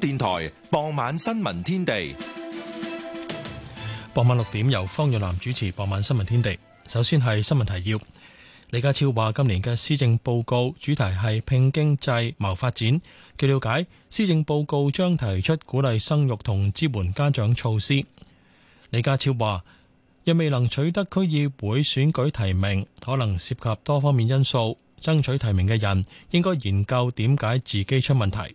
電台傍晚新聞天地，傍晚六點由方若男主持。傍晚新聞天地，首先係新聞提要。李家超話，今年嘅施政報告主題係拼經濟謀發展。據了解，施政報告將提出鼓勵生育同支援家長措施。李家超話，若未能取得區議會選舉提名，可能涉及多方面因素。爭取提名嘅人應該研究點解自己出問題。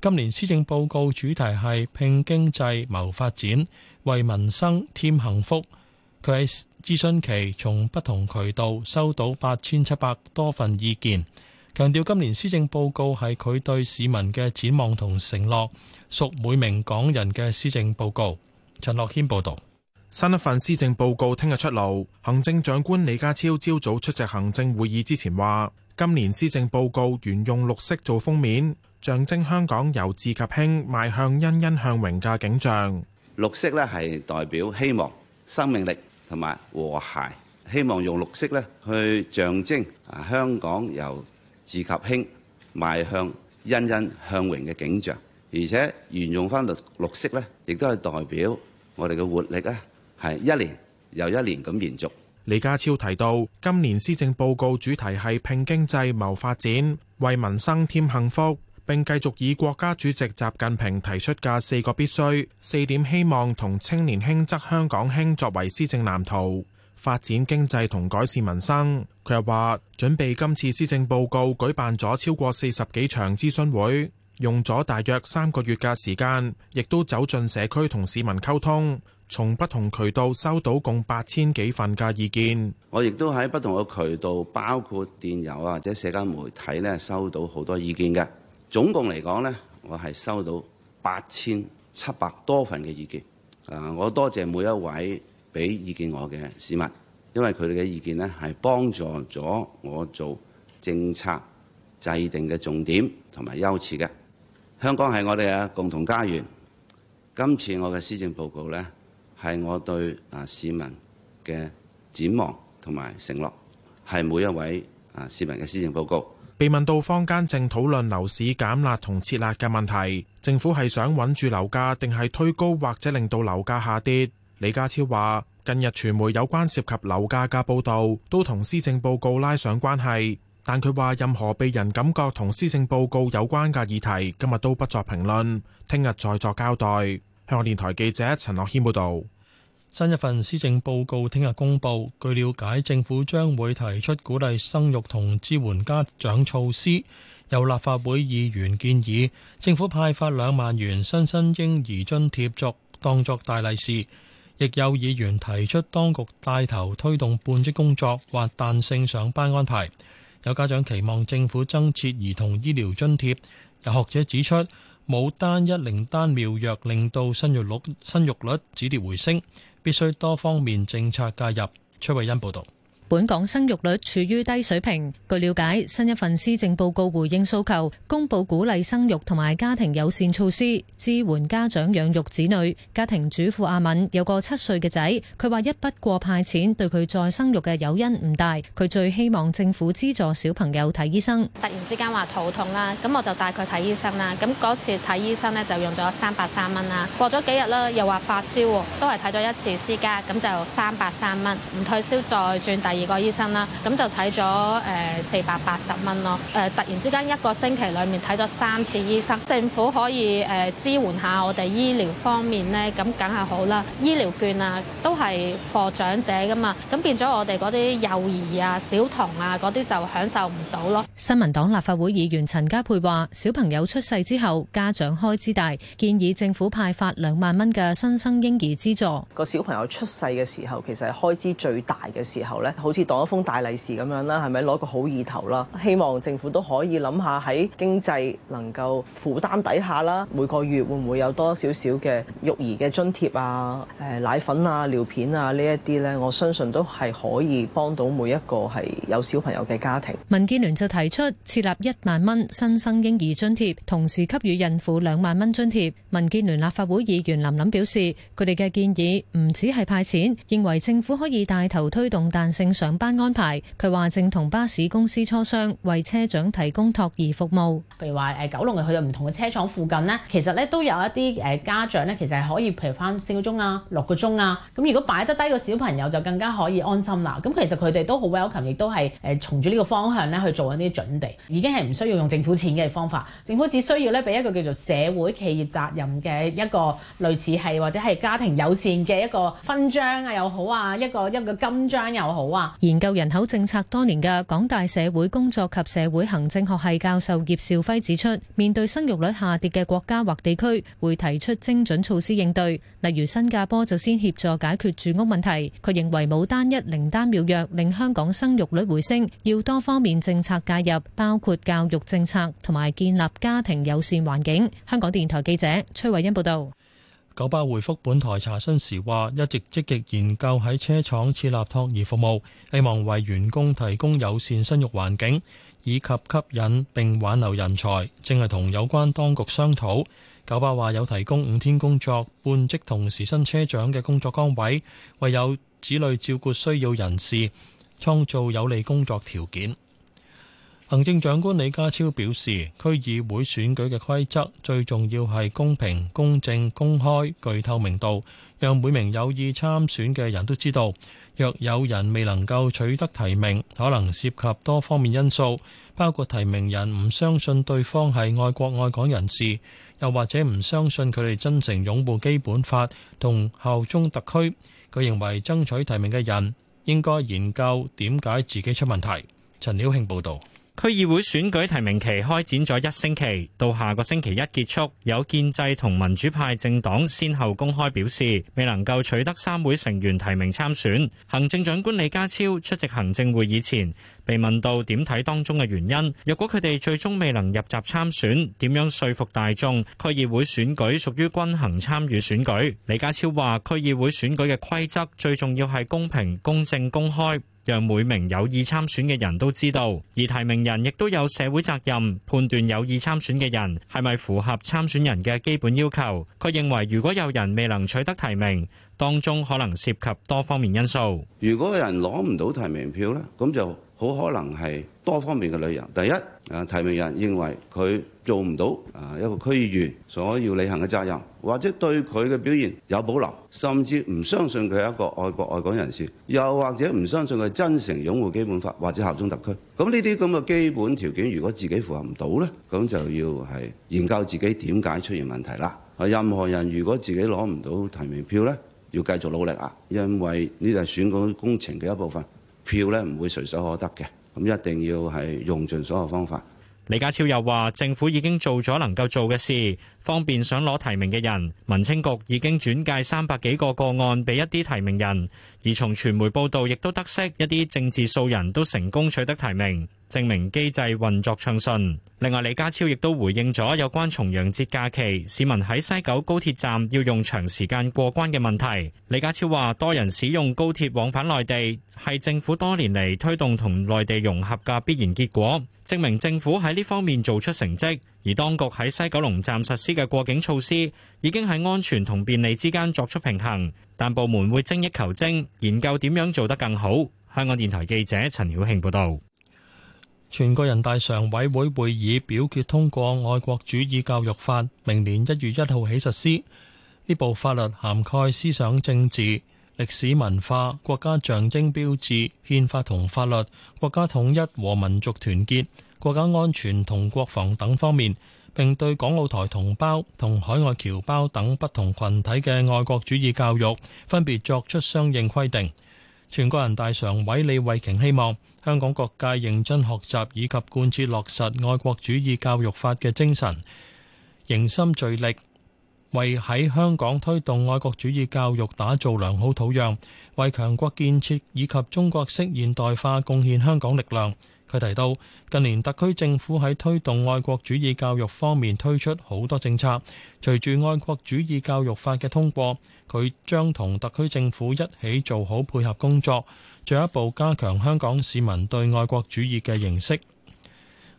今年施政報告主題係拼經濟謀發展、為民生添幸福。佢喺諮詢期從不同渠道收到八千七百多份意見，強調今年施政報告係佢對市民嘅展望同承諾，屬每名港人嘅施政報告。陳樂謙報道。新一份施政報告聽日出爐，行政長官李家超朝早出席行政會議之前話，今年施政報告沿用綠色做封面。象徵香港由治及興，邁向欣欣向榮嘅景象。綠色咧係代表希望、生命力同埋和諧，希望用綠色咧去象徵啊香港由治及興，邁向欣欣向榮嘅景象。而且沿用翻度綠色咧，亦都係代表我哋嘅活力啊，係一年又一年咁延續。李家超提到，今年施政報告主題係拼經濟、謀發展，為民生添幸福。並繼續以國家主席習近平提出嘅四個必須、四點希望同青年興則香港興作為施政藍圖，發展經濟同改善民生。佢又話：準備今次施政報告，舉辦咗超過四十幾場諮詢會，用咗大約三個月嘅時間，亦都走進社區同市民溝通，從不同渠道收到共八千幾份嘅意見。我亦都喺不同嘅渠道，包括電郵或者社交媒體呢，收到好多意見嘅。總共嚟講呢，我係收到八千七百多份嘅意見。啊，我多謝每一位俾意見我嘅市民，因為佢哋嘅意見咧係幫助咗我做政策制定嘅重點同埋優次嘅。香港係我哋嘅共同家園。今次我嘅施政報告呢係我對啊市民嘅展望同埋承諾，係每一位啊市民嘅施政報告。被問到坊間正討論樓市減辣同撤辣嘅問題，政府係想穩住樓價定係推高或者令到樓價下跌，李家超話：近日傳媒有關涉及樓價嘅報導，都同施政報告拉上關係，但佢話任何被人感覺同施政報告有關嘅議題，今日都不作評論，聽日再作交代。香港電台記者陳樂軒報導。新一份施政報告聽日公布。據瞭解，政府將會提出鼓勵生育同支援家長措施。有立法會議員建議政府派發兩萬元新生嬰兒津貼作當作大利是，亦有議員提出當局帶頭推動半職工作或彈性上班安排。有家長期望政府增設兒童醫療津貼。有學者指出冇單一靈丹妙藥令到生育率生育率止跌回升。必須多方面政策介入，崔慧欣報道。本港生育率處於低水平。據了解，新一份施政報告回應訴求，公布鼓勵生育同埋家庭友善措施，支援家長養育子女。家庭主婦阿敏有個七歲嘅仔，佢話一筆過派錢對佢再生育嘅誘因唔大，佢最希望政府資助小朋友睇醫生。突然之間話肚痛啦，咁我就帶佢睇醫生啦。咁嗰次睇醫生呢，就用咗三百三蚊啦。過咗幾日啦，又話發燒喎，都係睇咗一次私家，咁就三百三蚊，唔退燒再轉第二二個醫生啦，咁就睇咗誒四百八十蚊咯。誒，突然之間一個星期裡面睇咗三次醫生，政府可以誒支援下我哋醫療方面呢，咁梗係好啦。醫療券啊，都係貨長者噶嘛，咁變咗我哋嗰啲幼兒啊、小童啊，嗰啲就享受唔到咯。新民黨立法會議員陳家珮話：小朋友出世之後，家長開支大，建議政府派發兩萬蚊嘅新生嬰兒資助。個小朋友出世嘅時候，其實係開支最大嘅時候咧。好似當一封大利是咁樣啦，係咪攞個好意頭啦？希望政府都可以諗下喺經濟能夠負擔底下啦，每個月會唔會有多少少嘅育兒嘅津貼啊、誒奶粉啊、尿片啊呢一啲呢？我相信都係可以幫到每一個係有小朋友嘅家庭。民建聯就提出設立一萬蚊新生嬰兒津貼，同時給予孕婦兩萬蚊津貼。民建聯立法會議員林琳表示，佢哋嘅建議唔止係派錢，認為政府可以帶頭推動彈性上班安排，佢話正同巴士公司磋商，為車長提供托兒服務。譬如話誒，九龍去到唔同嘅車廠附近呢，其實咧都有一啲誒家長咧，其實係可以譬如返四個鐘啊、六個鐘啊，咁如果擺得低個小朋友就更加可以安心啦。咁其實佢哋都好 welcome，亦都係誒從住呢個方向咧去做緊啲準備，已經係唔需要用政府錢嘅方法，政府只需要咧俾一個叫做社會企業責任嘅一個類似係或者係家庭友善嘅一個勛章啊又好啊，一個一個金章又好啊。研究人口政策多年嘅港大社會工作及社會行政學系教授葉兆輝指出，面對生育率下跌嘅國家或地區，會提出精準措施應對，例如新加坡就先協助解決住屋問題。佢認為冇單一靈丹妙藥令香港生育率回升，要多方面政策介入，包括教育政策同埋建立家庭友善環境。香港電台記者崔慧欣報道。九巴回覆本台查詢時話：一直積極研究喺車廠設立託兒服務，希望為員工提供友善生育環境，以及吸引並挽留人才。正係同有關當局商討。九巴話有提供五天工作半職同時薪車長嘅工作崗位，為有子女照顧需要人士創造有利工作條件。行政長官李家超表示，區議會選舉嘅規則最重要係公平、公正、公開、具透明度，讓每名有意參選嘅人都知道。若有人未能夠取得提名，可能涉及多方面因素，包括提名人唔相信對方係愛國愛港人士，又或者唔相信佢哋真誠擁護基本法同效忠特區。佢認為爭取提名嘅人應該研究點解自己出問題。陳曉慶報導。區議會選舉提名期開展咗一星期，到下個星期一結束。有建制同民主派政黨先後公開表示，未能夠取得三會成員提名參選。行政長官李家超出席行政會議前。被問到點睇當中嘅原因，若果佢哋最終未能入閘參選，點樣說服大眾區議會選舉屬於均衡參與選舉？李家超話：區議會選舉嘅規則最重要係公平、公正、公開，讓每名有意參選嘅人都知道。而提名人亦都有社會責任，判斷有意參選嘅人係咪符合參選人嘅基本要求。佢認為，如果有人未能取得提名，當中可能涉及多方面因素。如果有人攞唔到提名票呢，咁就，好可能係多方面嘅理由。第一，誒提名人認為佢做唔到啊一個區議員所要履行嘅責任，或者對佢嘅表現有保留，甚至唔相信佢係一個愛國愛港人士，又或者唔相信佢真誠擁護基本法或者效忠特區。咁呢啲咁嘅基本條件，如果自己符合唔到呢，咁就要係研究自己點解出現問題啦。啊，任何人如果自己攞唔到提名票呢，要繼續努力啊，因為呢就係選舉工程嘅一部分。票咧唔會隨手可得嘅，咁一定要係用盡所有方法。李家超又話：政府已經做咗能夠做嘅事，方便想攞提名嘅人。民青局已經轉介三百幾個個案俾一啲提名人，而從傳媒報道亦都得悉一啲政治素人都成功取得提名，證明機制運作暢順。另外，李家超亦都回應咗有關重陽節假期市民喺西九高鐵站要用長時間過關嘅問題。李家超話：多人使用高鐵往返內地，係政府多年嚟推動同內地融合嘅必然結果，證明政府喺呢方面做出成績。而當局喺西九龍站實施嘅過境措施，已經喺安全同便利之間作出平衡。但部門會精益求精，研究點樣做得更好。香港電台記者陳曉慶報導。全國人大常委會會議表決通過《愛國主義教育法》，明年一月一號起實施。呢部法律涵蓋思想政治、歷史文化、國家象徵標誌、憲法同法律、國家統一和民族團結、國家安全同國防等方面，並對港澳台同胞同海外僑胞等不同群體嘅愛國主義教育分別作出相應規定。全國人大常委李慧瓊希望。香港各界認真學習以及貫徹落實《愛國主義教育法》嘅精神，凝心聚力，為喺香港推動愛國主義教育打造良好土壤，為強國建設以及中國式現代化貢獻香港力量。佢提到，近年特區政府喺推動愛國主義教育方面推出好多政策，隨住《愛國主義教育法》嘅通過，佢將同特區政府一起做好配合工作。進一步加強香港市民對愛國主義嘅認識。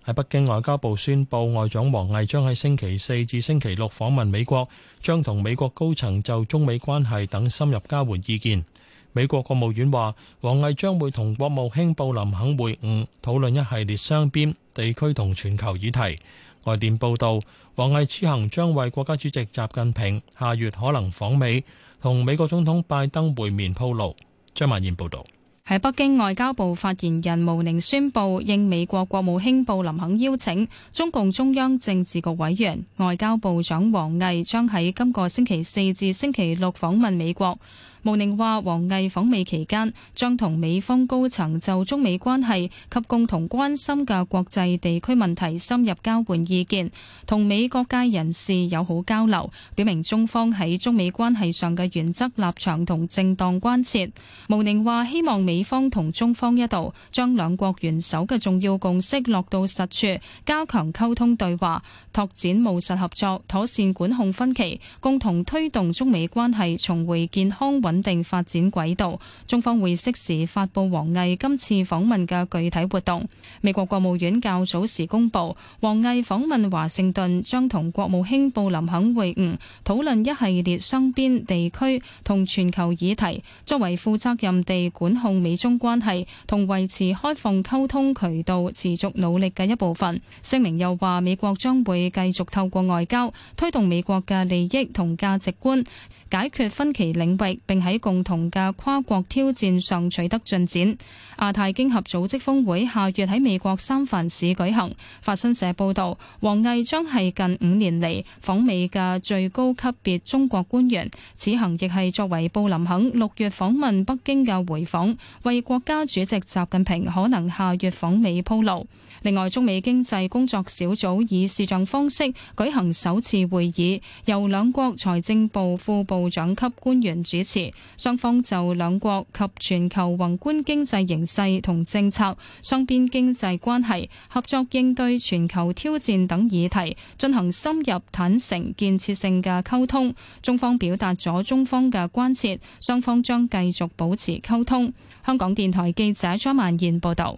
喺北京外交部宣布，外長王毅將喺星期四至星期六訪問美國，將同美國高層就中美關係等深入交換意見。美國國務院話，王毅將會同國務卿布林肯會晤，討論一系列雙邊、地區同全球議題。外電報道，王毅此行將為國家主席習近平下月可能訪美同美國總統拜登會面鋪路。張曼燕報導。喺北京外交部發言人毛寧宣布，應美國國務卿布林肯邀請，中共中央政治局委員、外交部長王毅將喺今個星期四至星期六訪問美國。毛寧話：王毅訪美期間，將同美方高層就中美關係及共同關心嘅國際地區問題深入交換意見，同美各界人士友好交流，表明中方喺中美關係上嘅原則立場同正當關切。毛寧話：希望美方同中方一道，將兩國元首嘅重要共識落到實處，加強溝通對話，拓展務實合作，妥善管控分歧，共同推動中美關係重回健康穩穩定發展軌道，中方會適時發佈王毅今次訪問嘅具體活動。美國國務院較早時公布，王毅訪問華盛頓將同國務卿布林肯會晤，討論一系列雙邊、地區同全球議題，作為負責任地管控美中關係同維持開放溝通渠道持續努力嘅一部分。聲明又話，美國將會繼續透過外交推動美國嘅利益同價值觀。解決分歧領域，並喺共同嘅跨國挑戰上取得進展。亞太經合組織峰會下月喺美國三藩市舉行。法新社報道，王毅將係近五年嚟訪美嘅最高級別中國官員，此行亦係作為布林肯六月訪問北京嘅回訪，為國家主席習近平可能下月訪美鋪路。另外，中美經濟工作小組以視像方式舉行首次會議，由兩國財政部副部長級官員主持。雙方就兩國及全球宏觀經濟形勢同政策、雙邊經濟關係、合作應對全球挑戰等議題進行深入、坦誠、建設性嘅溝通。中方表達咗中方嘅關切，雙方將繼續保持溝通。香港電台記者張萬燕報道。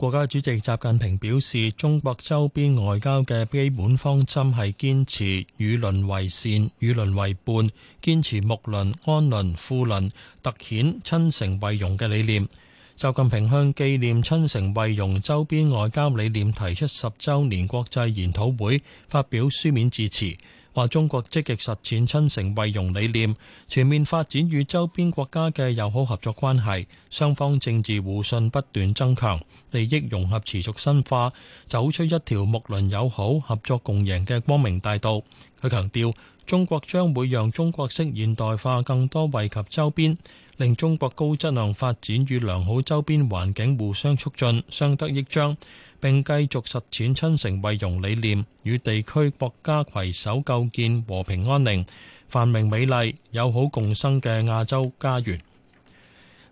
國家主席習近平表示，中國周邊外交嘅基本方針係堅持與鄰為善、與鄰為伴，堅持睦鄰、安鄰、富鄰，凸顯親誠惠容嘅理念。習近平向紀念親誠惠容周邊外交理念提出十周年國際研討會發表書面致辭。話中國積極實踐親誠惠容理念，全面發展與周邊國家嘅友好合作關係，雙方政治互信不斷增強，利益融合持續深化，走出一條睦鄰友好、合作共贏嘅光明大道。佢強調，中國將會讓中國式現代化更多惠及周邊，令中國高質量發展與良好周邊環境互相促進，相得益彰。並繼續實踐親誠惠容理念，與地區國家攜手構建和平安寧、繁榮美麗、友好共生嘅亞洲家園。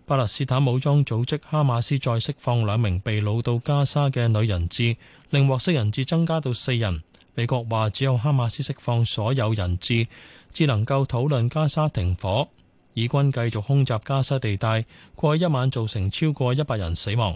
巴勒斯坦武裝組織哈馬斯再釋放兩名被擄到加沙嘅女人質，令獲釋人質增加到四人。美國話只有哈馬斯釋放所有人質，只能夠討論加沙停火。以軍繼續空襲加沙地帶，過去一晚造成超過一百人死亡。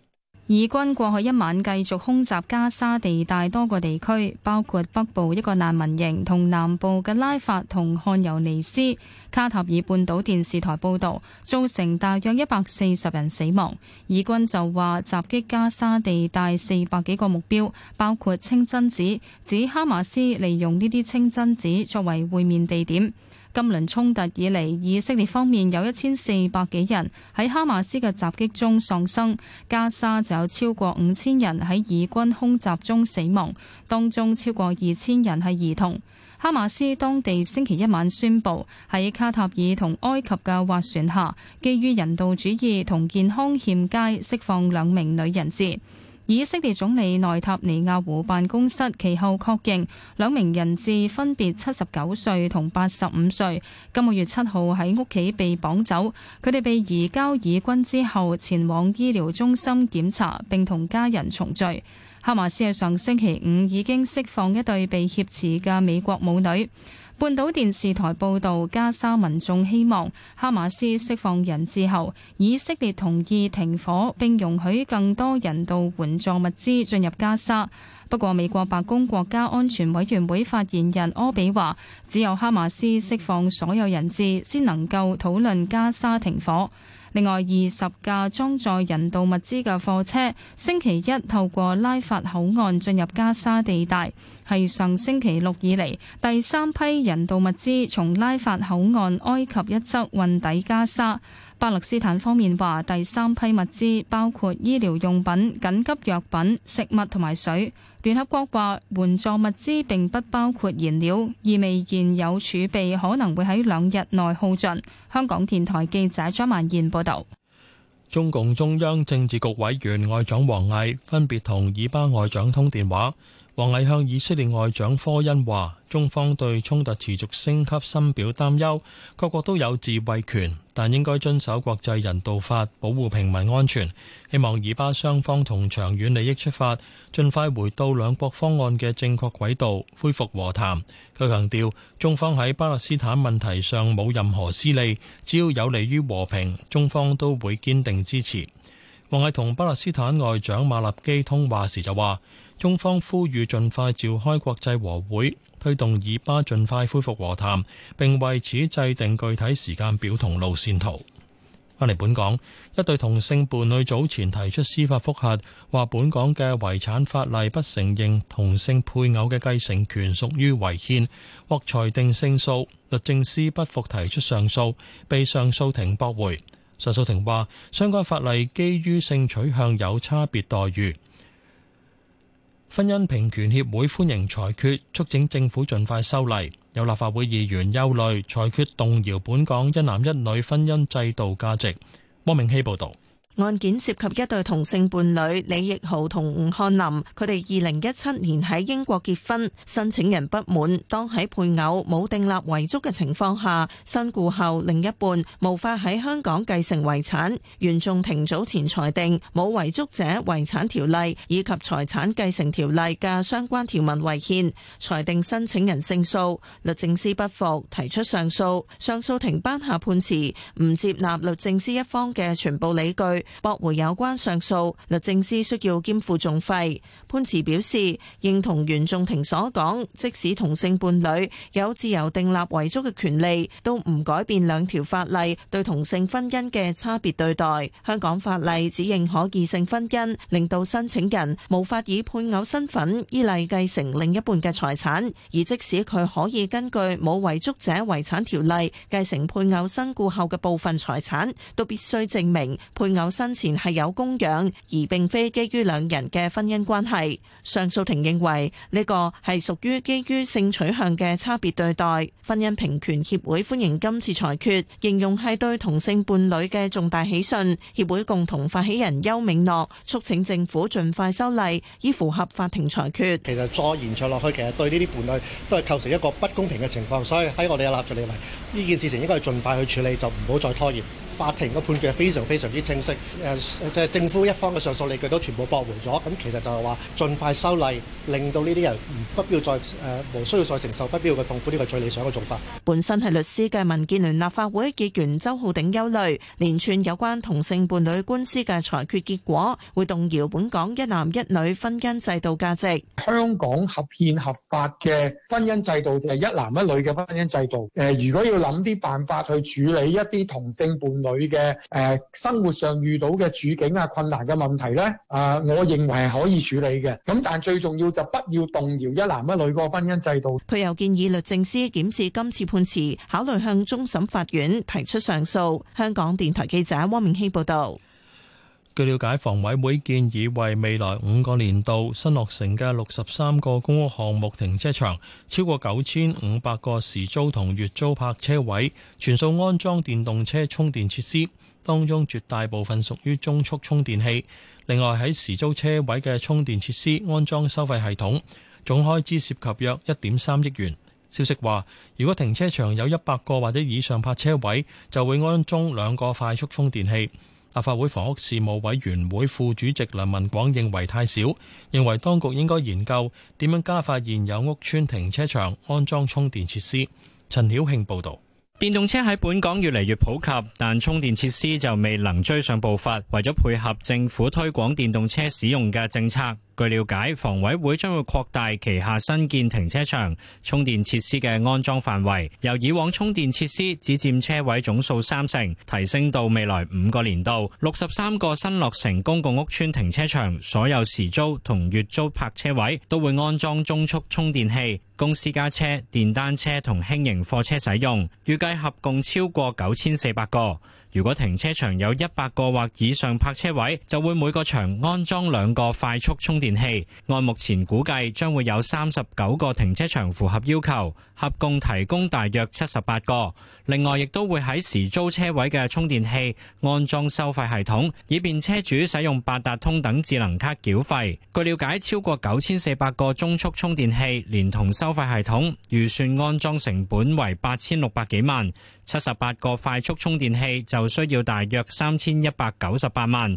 以軍過去一晚繼續空襲加沙地帶多個地區，包括北部一個難民營同南部嘅拉法同漢尤尼斯。卡塔爾半島電視台報導，造成大約一百四十人死亡。以軍就話襲擊加沙地帶四百幾個目標，包括清真寺，指哈馬斯利用呢啲清真寺作為會面地點。今輪衝突以嚟，以色列方面有一千四百幾人喺哈馬斯嘅襲擊中喪生；加沙就有超過五千人喺以軍空襲中死亡，當中超過二千人係兒童。哈馬斯當地星期一晚宣布，喺卡塔爾同埃及嘅斡旋下，基於人道主義同健康欠佳，釋放兩名女人質。以色列總理內塔尼亞胡辦公室其後確認，兩名人質分別七十九歲同八十五歲，今個月七號喺屋企被綁走。佢哋被移交以軍之後，前往醫療中心檢查並同家人重聚。哈馬斯喺上星期五已經釋放一對被挾持嘅美國母女。半島電視台報導，加沙民眾希望哈馬斯釋放人質後，以色列同意停火，並容許更多人道援助物資進入加沙。不過，美國白宮國家安全委員會發言人柯比話，只有哈馬斯釋放所有人質先能夠討論加沙停火。另外，二十架裝載人道物資嘅貨車，星期一透過拉法口岸進入加沙地帶。係上星期六以嚟，第三批人道物資從拉法口岸埃及一側運抵加沙。巴勒斯坦方面話，第三批物資包括醫療用品、緊急藥品、食物同埋水。聯合國話援助物資並不包括燃料，意味現有儲備可能會喺兩日內耗盡。香港電台記者張曼燕報道。中共中央政治局委員外長王毅分別同以巴外長通電話。王毅向以色列外長科恩話：中方對衝突持續升級深表擔憂，各國都有自衛權，但應該遵守國際人道法，保護平民安全。希望以巴雙方同長遠利益出發，盡快回到兩國方案嘅正確軌道，恢復和談。佢強調，中方喺巴勒斯坦問題上冇任何私利，只要有利於和平，中方都會堅定支持。王毅同巴勒斯坦外長馬立基通話時就話。中方呼籲盡快召開國際和會，推動以巴盡快恢復和談，並為此制定具體時間表同路線圖。翻嚟本港，一對同性伴侶早前提出司法覆核，話本港嘅遺產法例不承認同性配偶嘅繼承權屬於違憲，獲裁定勝訴。律政司不服提出上訴，被上訴庭駁回。上訴庭話，相關法例基於性取向有差別待遇。婚姻平權協會歡迎裁決，促請政府盡快修例。有立法會議員憂慮裁決動搖本港一男一女婚姻制度價值。汪明希報導。案件涉及一對同性伴侶李逸豪同吳漢林，佢哋二零一七年喺英國結婚。申請人不滿，當喺配偶冇訂立遺囑嘅情況下，身故後另一半無法喺香港繼承遺產。原訟庭早前裁定，冇遺囑者遺產條例以及財產繼承條例嘅相關條文違憲，裁定申請人勝訴。律政司不服，提出上訴。上訴庭頒下判詞，唔接納律政司一方嘅全部理據。駁回有關上訴，律政司需要兼負訟費。潘恃表示認同原訟庭所講，即使同性伴侶有自由訂立遺囑嘅權利，都唔改變兩條法例對同性婚姻嘅差別對待。香港法例只認可異性婚姻，令到申請人無法以配偶身份依賴繼承另一半嘅財產。而即使佢可以根據《冇遺囑者遺產條例》繼承配偶身故後嘅部分財產，都必須證明配偶生前係有供養，而並非基於兩人嘅婚姻關係。上訴庭認為呢個係屬於基於性取向嘅差別對待。婚姻平權協會歡迎今次裁決，形容係對同性伴侶嘅重大喜訊。協會共同發起人邱銘諾促請政府盡快修例，以符合法庭裁決。其實再延長落去，其實對呢啲伴侶都係構成一個不公平嘅情況，所以喺我哋嘅立場嚟，呢件事情應該係盡快去處理，就唔好再拖延。法庭嘅判決非常非常之清晰，誒即係政府一方嘅上訴理據都全部駁回咗。咁其實就係話盡快修例，令到呢啲人唔不必要再誒無需要再承受不必要嘅痛苦，呢個最理想嘅做法。本身係律師嘅民建聯立法會議員周浩鼎憂慮連串有關同性伴侶官司嘅裁決結果，會動搖本港一男一女婚姻制度價值。香港合憲合法嘅婚姻制度就係一男一女嘅婚姻制度。誒、呃、如果要諗啲辦法去處理一啲同性伴侶。佢嘅誒生活上遇到嘅處境啊、困難嘅問題咧，啊，我認為係可以處理嘅。咁但最重要就不要動搖一男一女個婚姻制度。佢又建議律政司檢視今次判詞，考慮向終審法院提出上訴。香港電台記者汪明熙報導。據了解，房委會建議為未來五個年度新落成嘅六十三個公屋項目停車場，超過九千五百個時租同月租泊車位，全數安裝電動車充電設施，當中絕大部分屬於中速充電器。另外喺時租車位嘅充電設施安裝收費系統，總開支涉及約一點三億元。消息話，如果停車場有一百個或者以上泊車位，就會安裝兩個快速充電器。立法會房屋事務委員會副主席梁文廣認為太少，認為當局應該研究點樣加快現有屋邨停車場安裝充電設施。陳曉慶報道：電動車喺本港越嚟越普及，但充電設施就未能追上步伐，為咗配合政府推廣電動車使用嘅政策。據了解，房委會將會擴大旗下新建停車場充電設施嘅安裝範圍，由以往充電設施只佔車位總數三成，提升到未來五個年度六十三個新落成公共屋邨停車場所有時租同月租泊車位都會安裝中速充電器，供私家車、電單車同輕型貨車使用，預計合共超過九千四百個。如果停車場有一百個或以上泊車位，就會每個場安裝兩個快速充電器。按目前估計，將會有三十九個停車場符合要求，合共提供大約七十八個。另外，亦都會喺時租車位嘅充電器安裝收費系統，以便車主使用八達通等智能卡繳費。據了解，超過九千四百個中速充電器連同收費系統，預算安裝成本為八千六百幾萬。七十八個快速充電器就就需要大約三千一百九十八萬，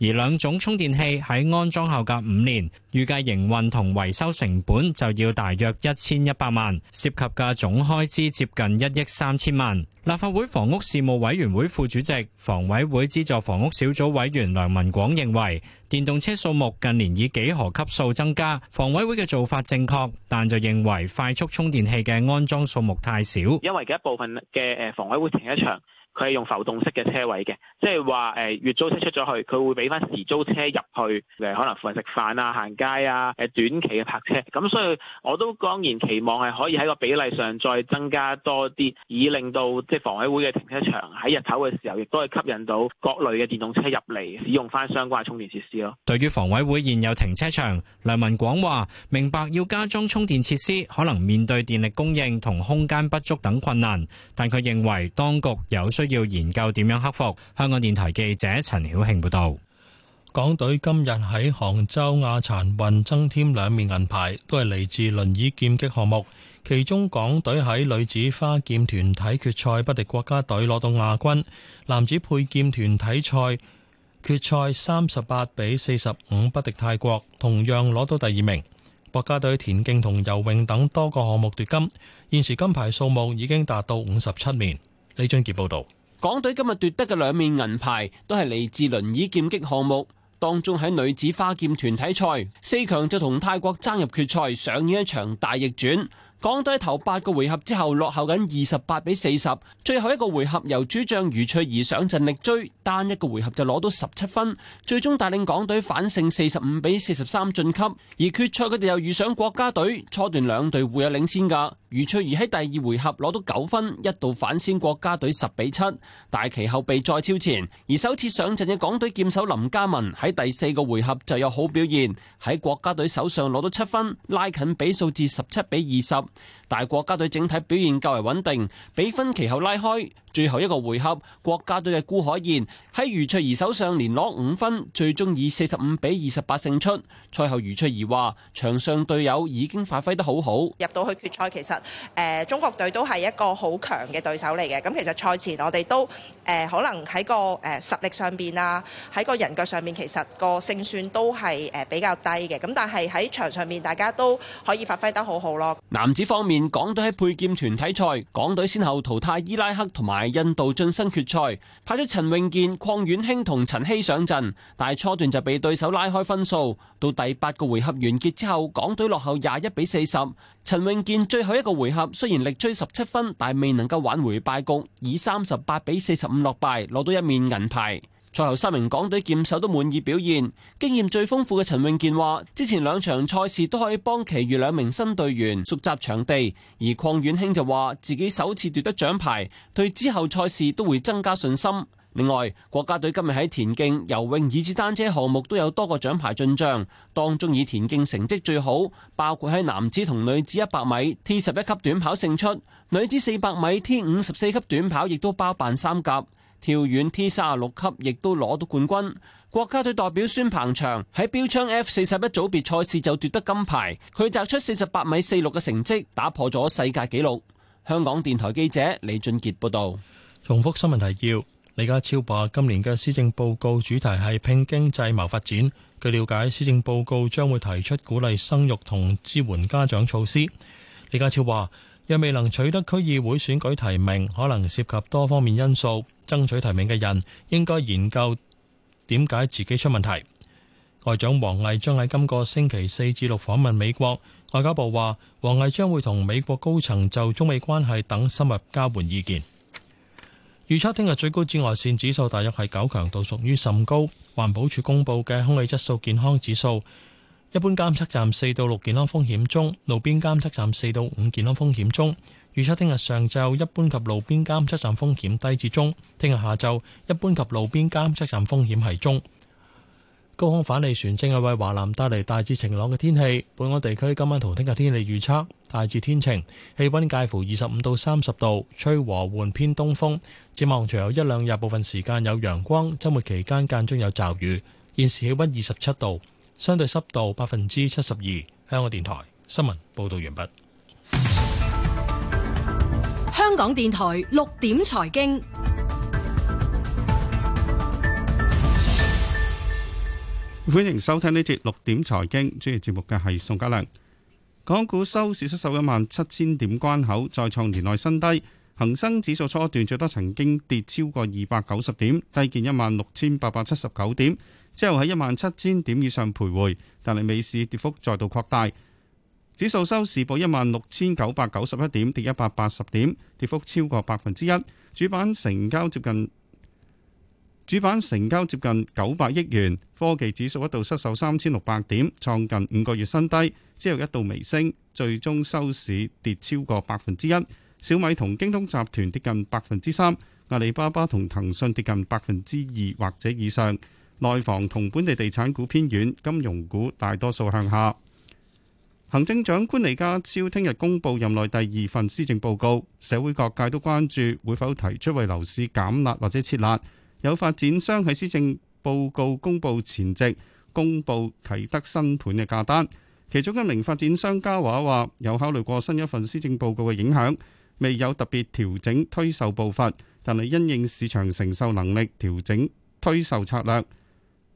而兩種充電器喺安裝後嘅五年，預計營運同維修成本就要大約一千一百萬，涉及嘅總開支接近一億三千萬。立法會房屋事務委員會副主席、房委會資助房屋小組委員梁文廣認為，電動車數目近年以幾何級數增加，房委會嘅做法正確，但就認為快速充電器嘅安裝數目太少，因為嘅一部分嘅誒房委會停車場。佢係用浮動式嘅車位嘅，即係話，誒月租車出咗去，佢會俾翻時租車入去誒，可能附近食飯啊、行街啊、誒短期嘅泊車，咁所以我都當然期望係可以喺個比例上再增加多啲，以令到即係房委會嘅停車場喺日頭嘅時候亦都可以吸引到各類嘅電動車入嚟使用翻相關嘅充電設施咯。對於房委會現有停車場，梁文廣話明白要加裝充電設施，可能面對電力供應同空間不足等困難，但佢認為當局有需要研究點樣克服。香港電台記者陳曉慶報道。港隊今日喺杭州亞殘運增添兩面銀牌，都係嚟自輪椅劍擊項目。其中港隊喺女子花劍團體決賽不敵國家隊，攞到亞軍；男子佩劍團體賽決賽三十八比四十五不敵泰國，同樣攞到第二名。國家隊田徑同游泳等多個項目奪金，現時金牌數目已經達到五十七面。李俊傑報道。港隊今日奪得嘅兩面銀牌都係嚟自輪椅劍擊項目，當中喺女子花劍團體賽，四強就同泰國爭入決賽，上演一場大逆轉。港隊頭八個回合之後，落後緊二十八比四十，最後一個回合由主將余翠怡上陣力追，單一個回合就攞到十七分，最終帶領港隊反勝四十五比四十三晉級。而決賽，佢哋又遇上國家隊，初段兩隊互有領先噶。余翠怡喺第二回合攞到九分，一度反先國家隊十比七，但其後被再超前。而首次上陣嘅港隊劍手林嘉文喺第四個回合就有好表現，喺國家隊手上攞到七分，拉近比數至十七比二十。大國家隊整體表現較為穩定，比分其後拉開，最後一個回合，國家隊嘅顧海燕喺余翠怡手上連攞五分，最終以四十五比二十八勝出。賽後余翠怡話，場上隊友已經發揮得好好。入到去決賽，其實誒、呃、中國隊都係一個好強嘅對手嚟嘅。咁其實賽前我哋都誒、呃、可能喺個誒實力上邊啊，喺個人腳上面其實個勝算都係誒比較低嘅。咁但係喺場上面大家都可以發揮得好好咯。男子方面，連港隊喺佩劍團體賽，港隊先後淘汰伊拉克同埋印度，晉身決賽，派出陳永健、鄺遠興同陳曦上陣，但係初段就被對手拉開分數，到第八個回合完結之後，港隊落後廿一比四十，陳永健最後一個回合雖然力追十七分，但未能夠挽回敗局，以三十八比四十五落敗，攞到一面銀牌。賽後三名港隊劍手都滿意表現經驗最豐富嘅陳永健話，之前兩場賽事都可以幫其餘兩名新隊員熟習場地。而鄺遠興就話自己首次奪得獎牌，對之後賽事都會增加信心。另外，國家隊今日喺田徑、游泳、以至單車項目都有多個獎牌進賬，當中以田徑成績最好，包括喺男子同女子一百米 T 十一級短跑勝出，女子四百米 T 五十四級短跑亦都包辦三甲。跳遠 T 三十六級亦都攞到冠軍，國家隊代表孫鵬翔喺標槍 F 四十一組別賽事就奪得金牌，佢擲出四十八米四六嘅成績，打破咗世界紀錄。香港電台記者李俊杰報道。重複新聞提要：李家超話，今年嘅施政報告主題係拼經濟謀發展。據了解，施政報告將會提出鼓勵生育同支援家長措施。李家超話，若未能取得區議會選舉提名，可能涉及多方面因素。爭取提名嘅人應該研究點解自己出問題。外長王毅將喺今個星期四至六訪問美國。外交部話，王毅將會同美國高層就中美關係等深入交換意見。預測聽日最高紫外線指數大約係九強度，屬於甚高。環保署公布嘅空氣質素健康指數，一般監測站四到六健康風險中，路邊監測站四到五健康風險中。預測聽日上晝一般及路邊監測站風險低至中，聽日下晝一般及路邊監測站風險係中。高空反氣旋正係為華南帶嚟大致晴朗嘅天氣。本港地區今晚同聽日天氣預測大致天晴，氣溫介乎二十五到三十度，吹和緩偏東風。展望除有一兩日部分時間有陽光，周末期間間中有驟雨。現時氣溫二十七度，相對濕度百分之七十二。香港電台新聞報道完畢。香港電台六點財經，歡迎收聽呢節六點財經。主持節目嘅係宋嘉良。港股收市失守一萬七千點關口，再創年內新低。恒生指數初段最多曾經跌超過二百九十點，低見一萬六千八百七十九點，之後喺一萬七千點以上徘徊，但係尾市跌幅再度擴大。指數收市報一萬六千九百九十一點，跌一百八十點，跌幅超過百分之一。主板成交接近主板成交接近九百億元。科技指數一度失守三千六百點，創近五個月新低，之後一度微升，最終收市跌超過百分之一。小米同京東集團跌近百分之三，阿里巴巴同騰訊跌近百分之二或者以上。內房同本地地產股偏軟，金融股大多數向下。行政長官李家超聽日公布任內第二份施政報告，社會各界都關注會否提出為樓市減辣或者撤辣。有發展商喺施政報告公布前夕公布啟德新盤嘅價單，其中一名發展商嘉華話：有考慮過新一份施政報告嘅影響，未有特別調整推售步伐，但係因應市場承受能力調整推售策略。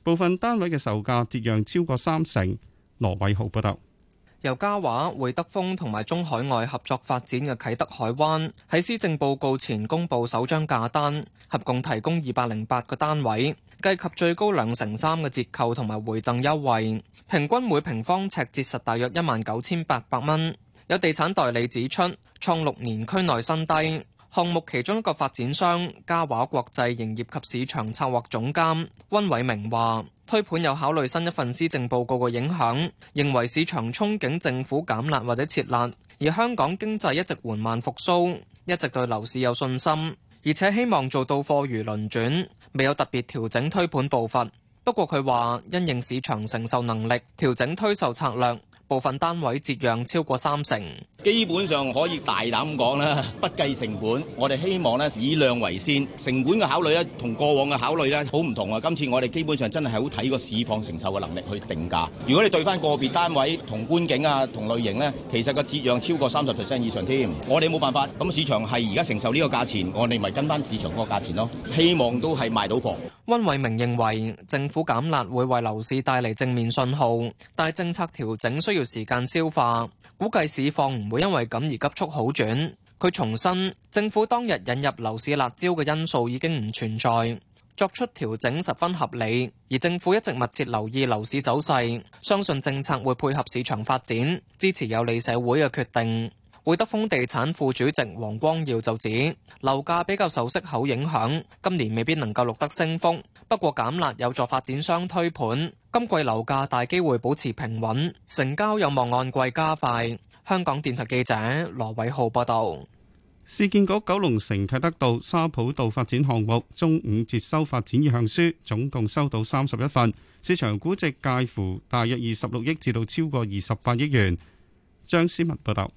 部分單位嘅售價折讓超過三成。羅偉豪報道。由嘉華、會德豐同埋中海外合作發展嘅啟德海灣，喺施政報告前公佈首張價單，合共提供二百零八個單位，計及最高兩成三嘅折扣同埋回贈優惠，平均每平方尺折實大約一萬九千八百蚊。有地產代理指出，創六年區內新低。項目其中一個發展商嘉華國際營業及市場策劃總監温偉明話：推盤有考慮新一份施政報告嘅影響，認為市場憧憬政府減辣或者撤辣，而香港經濟一直緩慢復甦，一直對樓市有信心，而且希望做到貨如輪轉，未有特別調整推盤步伐。不過佢話，因應市場承受能力，調整推售策略。部分單位折讓超過三成，基本上可以大膽咁講啦。不計成本，我哋希望咧以量為先，成本嘅考慮咧同過往嘅考慮咧好唔同啊。今次我哋基本上真係好睇個市況承受嘅能力去定價。如果你對翻個別單位同觀景啊同類型呢，其實個折讓超過三十 percent 以上添。我哋冇辦法，咁市場係而家承受呢個價錢，我哋咪跟翻市場個價錢咯。希望都係賣到房。溫慧明認為政府減辣會為樓市帶嚟正面信號，但係政策調整需要時間消化，估計市況唔會因為咁而急速好轉。佢重申，政府當日引入樓市辣招嘅因素已經唔存在，作出調整十分合理。而政府一直密切留意樓市走勢，相信政策會配合市場發展，支持有利社會嘅決定。匯德豐地產副主席黃光耀就指，樓價比較受息口影響，今年未必能夠錄得升幅。不過減辣有助發展商推盤，今季樓價大機會保持平穩，成交有望按季加快。香港電臺記者羅偉浩報道。市建局九龍城啟德道沙浦道發展項目中午接收發展意向書，總共收到三十一份，市場估值介乎大約二十六億至到超過二十八億元。張思文報道。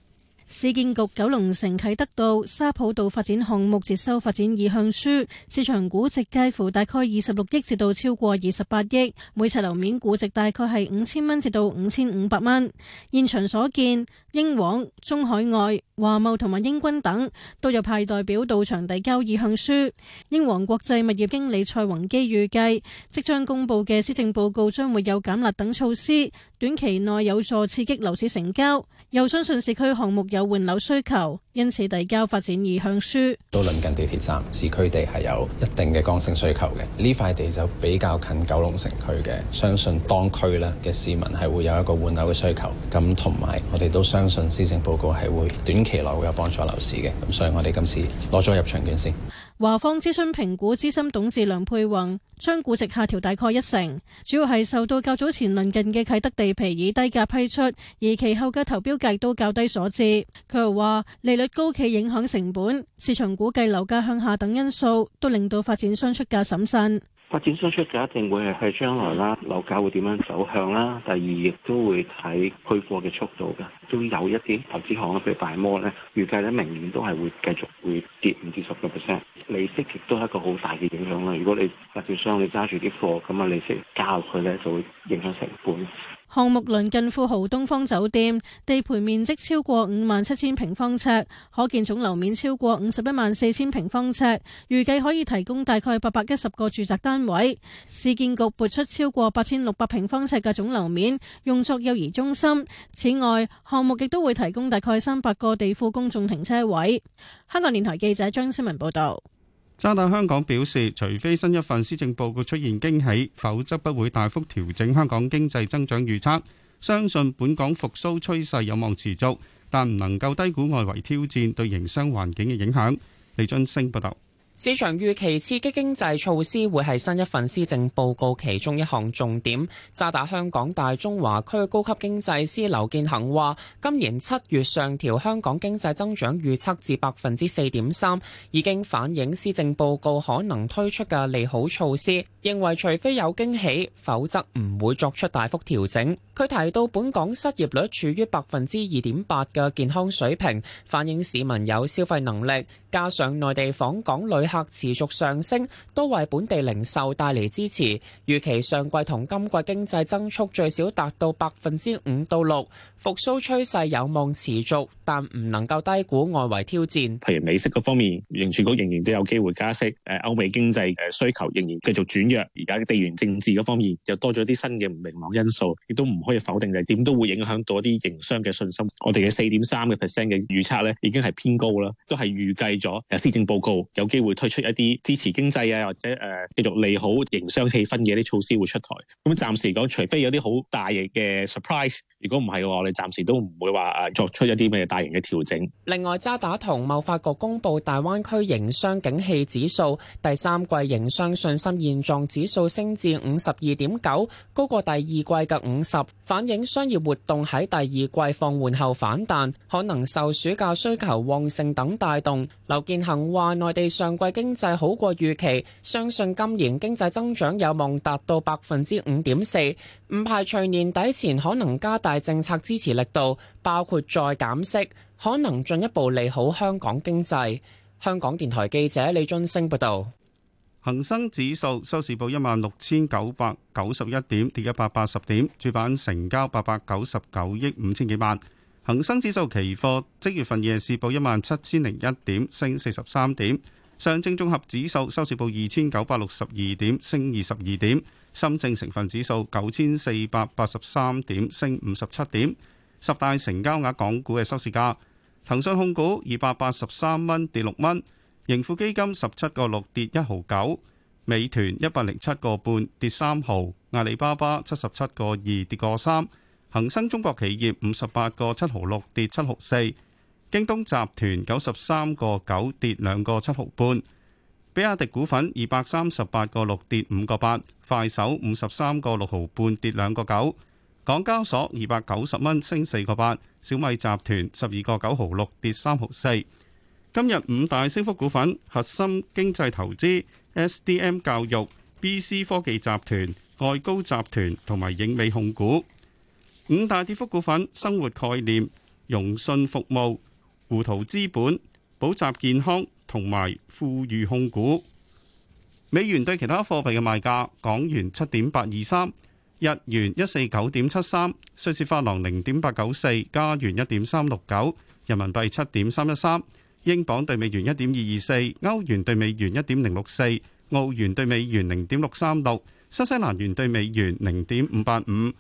市建局九龍城啟德道沙浦道發展項目接收發展意向書，市場估值介乎大概二十六億至到超過二十八億，每尺樓面估值大概係五千蚊至到五千五百蚊。現場所見，英皇、中海外、華茂同埋英軍等都有派代表到場遞交意向書。英皇國際物業經理蔡宏基預計，即將公布嘅施政報告將會有減辣等措施，短期內有助刺激樓市成交。又相信市區項目有換樓需求，因此遞交發展意向書。都鄰近地鐵站，市區地係有一定嘅剛性需求嘅。呢塊地就比較近九龍城區嘅，相信當區呢嘅市民係會有一個換樓嘅需求。咁同埋我哋都相信施政報告係會短期內會有幫助樓市嘅。咁所以，我哋今次攞咗入場券先。華方諮詢評估資深董事梁佩宏將估值下調大概一成，主要係受到較早前鄰近嘅啟德地皮以低價批出，而其後嘅投標價都較低所致。佢又話利率高企影響成本，市場估計樓價向下等因素，都令到發展商出價審慎。發展商出價一定會係喺將來啦，樓價會點樣走向啦？第二亦都會睇配貨嘅速度㗎。都有一啲投資行，譬如大摩咧，預計咧明年都係會繼續會跌五至十個 percent。利息亦都係一個好大嘅影響啦。如果你發票商你揸住啲貨，咁啊利息加落去咧，就會影響成本。項目鄰近富豪東方酒店，地盤面積超過五萬七千平方尺，可建總樓面超過五十一萬四千平方尺，預計可以提供大概八百一十個住宅單位。市建局撥出超過八千六百平方尺嘅總樓面用作幼兒中心。此外，項目亦都會提供大概三百個地庫公眾停車位。香港電台記者張思文報導。渣打香港表示，除非新一份施政報告出現驚喜，否則不會大幅調整香港經濟增長預測。相信本港復甦趨勢有望持續，但唔能夠低估外圍挑戰對營商環境嘅影響。李俊升報導。市場預期刺激經濟措施會係新一份施政報告其中一項重點。渣打香港大中華區高級經濟師劉建恒話：今年七月上調香港經濟增長預測至百分之四點三，已經反映施政報告可能推出嘅利好措施。認為除非有驚喜，否則唔會作出大幅調整。佢提到本港失業率處於百分之二點八嘅健康水平，反映市民有消費能力，加上內地訪港旅客持續上升，都為本地零售帶嚟支持。預期上季同今季經濟增速最少達到百分之五到六，復蘇趨勢有望持續，但唔能夠低估外圍挑戰。譬如美息嗰方面，聯儲局仍然都有機會加息。誒，歐美經濟誒需求仍然繼續轉弱，而家嘅地緣政治嗰方面又多咗啲新嘅唔明朗因素，亦都唔可以否定就係點都會影響到一啲營商嘅信心。我哋嘅四點三嘅 percent 嘅預測呢，已經係偏高啦，都係預計咗施政報告有機會。推出一啲支持經濟啊，或者誒繼續利好營商氣氛嘅一啲措施會出台。咁暫時講，除非有啲好大型嘅 surprise，如果唔係嘅話，我哋暫時都唔會話誒作出一啲咩大型嘅調整。另外，渣打同貿發局公布大灣區營商景氣指數，第三季營商信心現狀指數升至五十二點九，高過第二季嘅五十，反映商業活動喺第二季放緩後反彈，可能受暑假需求旺盛等帶動。劉健恒話，內地上季。經濟好過預期，相信今年經濟增長有望達到百分之五點四，唔排除年底前可能加大政策支持力度，包括再減息，可能進一步利好香港經濟。香港電台記者李津升報道。恒生指數收市報一萬六千九百九十一點，跌一百八十點，主板成交八百九十九億五千幾萬。恒生指數期貨即月份夜市報一萬七千零一點，升四十三點。上證綜合指數收市報二千九百六十二點，升二十二點；深證成分指數九千四百八十三點，升五十七點。十大成交額港股嘅收市價：騰訊控股二百八十三蚊跌六蚊；盈富基金十七個六跌一毫九；美團一百零七個半跌三毫；阿里巴巴七十七個二跌個三；恒生中國企業五十八個七毫六跌七毫四。京東集團九十三個九跌兩個七毫半，比亞迪股份二百三十八個六跌五個八，快手五十三個六毫半跌兩個九，港交所二百九十蚊升四個八，小米集團十二個九毫六跌三毫四。今日五大升幅股份：核心經濟投資、SDM 教育、BC 科技集團、外高集團同埋影美控股。五大跌幅股份：生活概念、融信服務、富途資本、保集健康同埋富裕控股。美元對其他貨幣嘅賣價：港元七點八二三，日元一四九點七三，瑞士法郎零點八九四，加元一點三六九，人民幣七點三一三，英鎊對美元一點二二四，歐元對美元一點零六四，澳元對美元零點六三六，新西蘭元對美元零點五八五。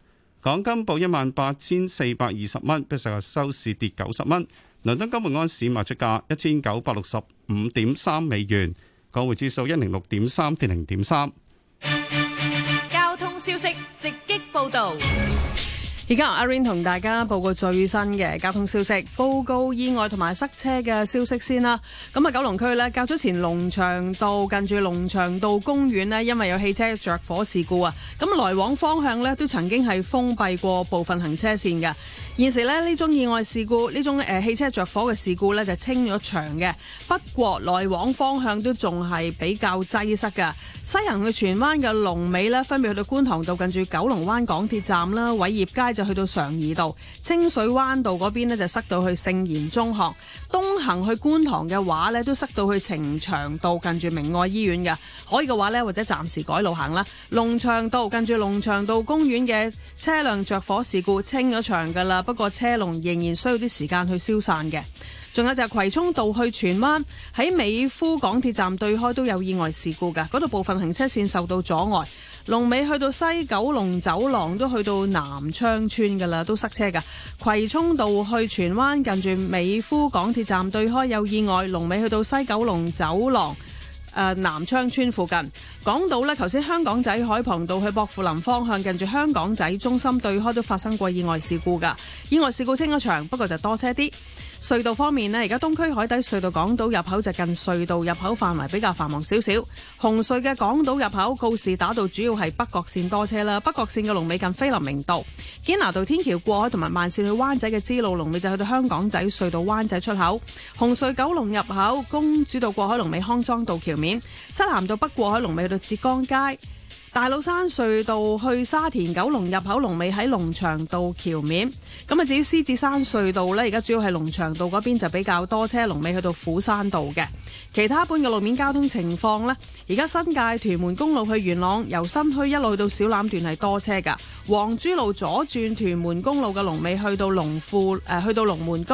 港金報一萬八千四百二十蚊，比上日收市跌九十蚊。倫敦金換安市賣出價一千九百六十五點三美元，港匯指數一零六點三跌零點三。交通消息直擊報道。而家我阿 rain 同大家報告最新嘅交通消息，報告意外同埋塞車嘅消息先啦。咁啊，九龍區咧，較早前龍翔道近住龍翔道公園咧，因為有汽車着火事故啊，咁來往方向咧都曾經係封閉過部分行車線嘅。現時咧呢種意外事故，呢種誒、呃、汽車着火嘅事故呢，就清咗場嘅，不過來往方向都仲係比較擠塞嘅。西行去荃灣嘅龍尾呢，分別去到觀塘道近住九龍灣港鐵站啦，偉業街就去到常怡道，清水灣道嗰邊呢，就塞到去聖賢中學。東行去觀塘嘅話呢，都塞到去呈祥道近住明愛醫院嘅。可以嘅話呢，或者暫時改路行啦。龍翔道近住龍翔道公園嘅車輛着火事故清咗場噶啦。不過車龍仍然需要啲時間去消散嘅。仲有就係葵涌道去荃灣喺美孚港鐵站對開都有意外事故嘅，嗰度部分行車線受到阻礙，龍尾去到西九龍走廊都去到南昌村噶啦，都塞車噶。葵涌道去荃灣近住美孚港鐵站對開有意外，龍尾去到西九龍走廊。誒、呃、南昌村附近講到咧，頭先香港仔海傍道去薄扶林方向，近住香港仔中心對開都發生過意外事故㗎。意外事故清咗場，不過就多車啲。隧道方面咧，而家東區海底隧道港島入口就近隧道入口範圍比較繁忙少少。紅隧嘅港島入口告士打道主要係北角線多車啦，北角線嘅龍尾近菲林明道、堅拿道天橋過海同埋慢線去灣仔嘅支路龍尾就去到香港仔隧道灣仔出口。紅隧九龍入口公主道過海龍尾康莊道橋面，漆咸道北過海龍尾去到浙江街。大老山隧道去沙田九龍入口龍尾喺龍翔道橋面，咁啊至於獅子山隧道呢，而家主要係龍翔道嗰邊就比較多車，龍尾去到虎山道嘅。其他一般嘅路面交通情況呢，而家新界屯門公路去元朗，由新墟一路去到小欖段係多車噶。黃珠路左轉屯門公路嘅龍尾去到龍富誒，去到龍門居。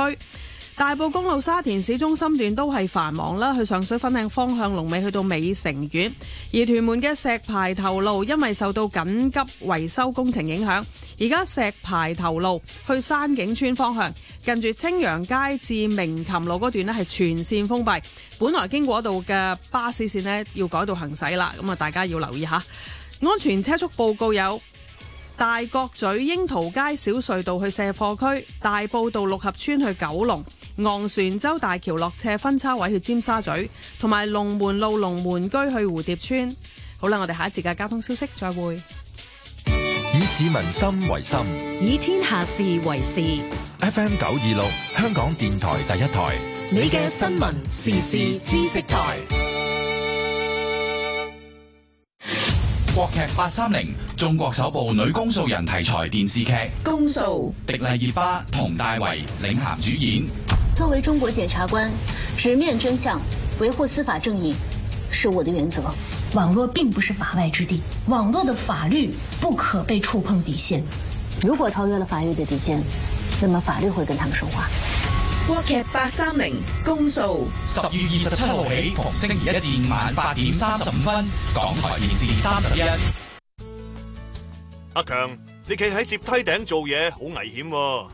大埔公路沙田市中心段都係繁忙啦，去上水粉嶺方向龍尾去到美城苑。而屯門嘅石排頭路因為受到緊急維修工程影響，而家石排頭路去山景村方向，近住青楊街至鳴琴路嗰段呢係全綫封閉。本來經過度嘅巴士綫呢要改道行駛啦，咁啊大家要留意下。安全車速報告有大角咀櫻桃街小隧道去卸貨區，大埔道六合村去九龍。昂船洲大橋落斜分叉位去尖沙咀同埋龍門路龍門居去蝴蝶村。好啦，我哋下一節嘅交通消息再會。以市民心為心，以天下事為事。F M 九二六，香港電台第一台，你嘅新聞時事知識台。國劇八三零，中國首部女公訴人題材電視劇《公訴》，迪麗熱巴佟大為領銜主演。作為中國檢察官，直面真相，維護司法正義，是我的原則。網絡並不是法外之地，網絡的法律不可被觸碰底線。如果超越了法律的底線，那麼法律會跟他們說話。國劇八三零，公訴十月二十七號起，逢星期一至五晚八點三十五分，港台電視三十一。阿強，你企喺接梯頂做嘢好危險啊，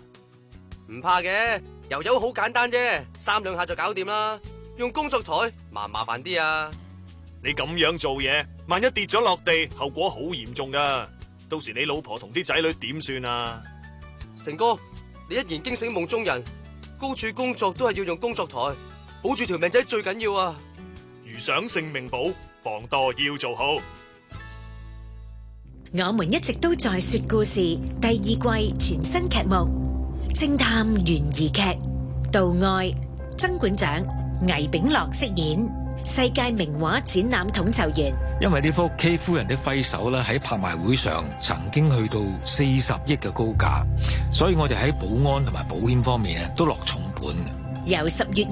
唔怕嘅。又有好簡單啫，三兩下就搞掂啦。用工作台麻麻煩啲啊。你咁樣做嘢，萬一跌咗落地，後果好嚴重噶。到時你老婆同啲仔女點算啊？成哥，你一言驚醒夢中人，高處工作都係要用工作台，保住條命仔最緊要啊。如想性命保，防墮要做好。我們一直都在說故事，第二季全新劇目。偵探懸疑劇，杜愛、曾館長、倪炳樂飾演。世界名畫展覽統籌員，因為呢幅 K 夫人的揮手咧喺拍賣會上曾經去到四十億嘅高價，所以我哋喺保安同埋保險方面呢都落重本嘅。由十月。